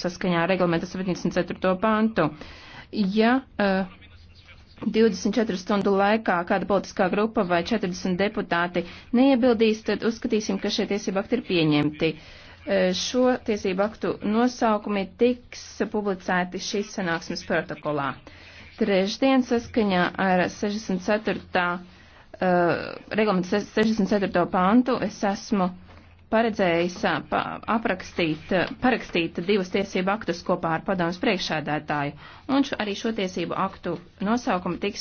saskaņā ar reglamenta 74. pantu. Ja uh, eh, 24 stundu laikā kāda politiskā grupa vai 40 deputāti neiebildīs, tad uzskatīsim, ka šie tiesību akti ir pieņemti. Eh, šo tiesību aktu nosaukumi tiks publicēti šīs sanāksmes protokolā. Trešdien saskaņā ar 64. Uh, eh, reglamentu 64. pantu es esmu paredzējis aprakstīt, parakstīt divus tiesību aktus kopā ar padomus priekšēdētāju, un arī šo tiesību aktu nosaukumi tiks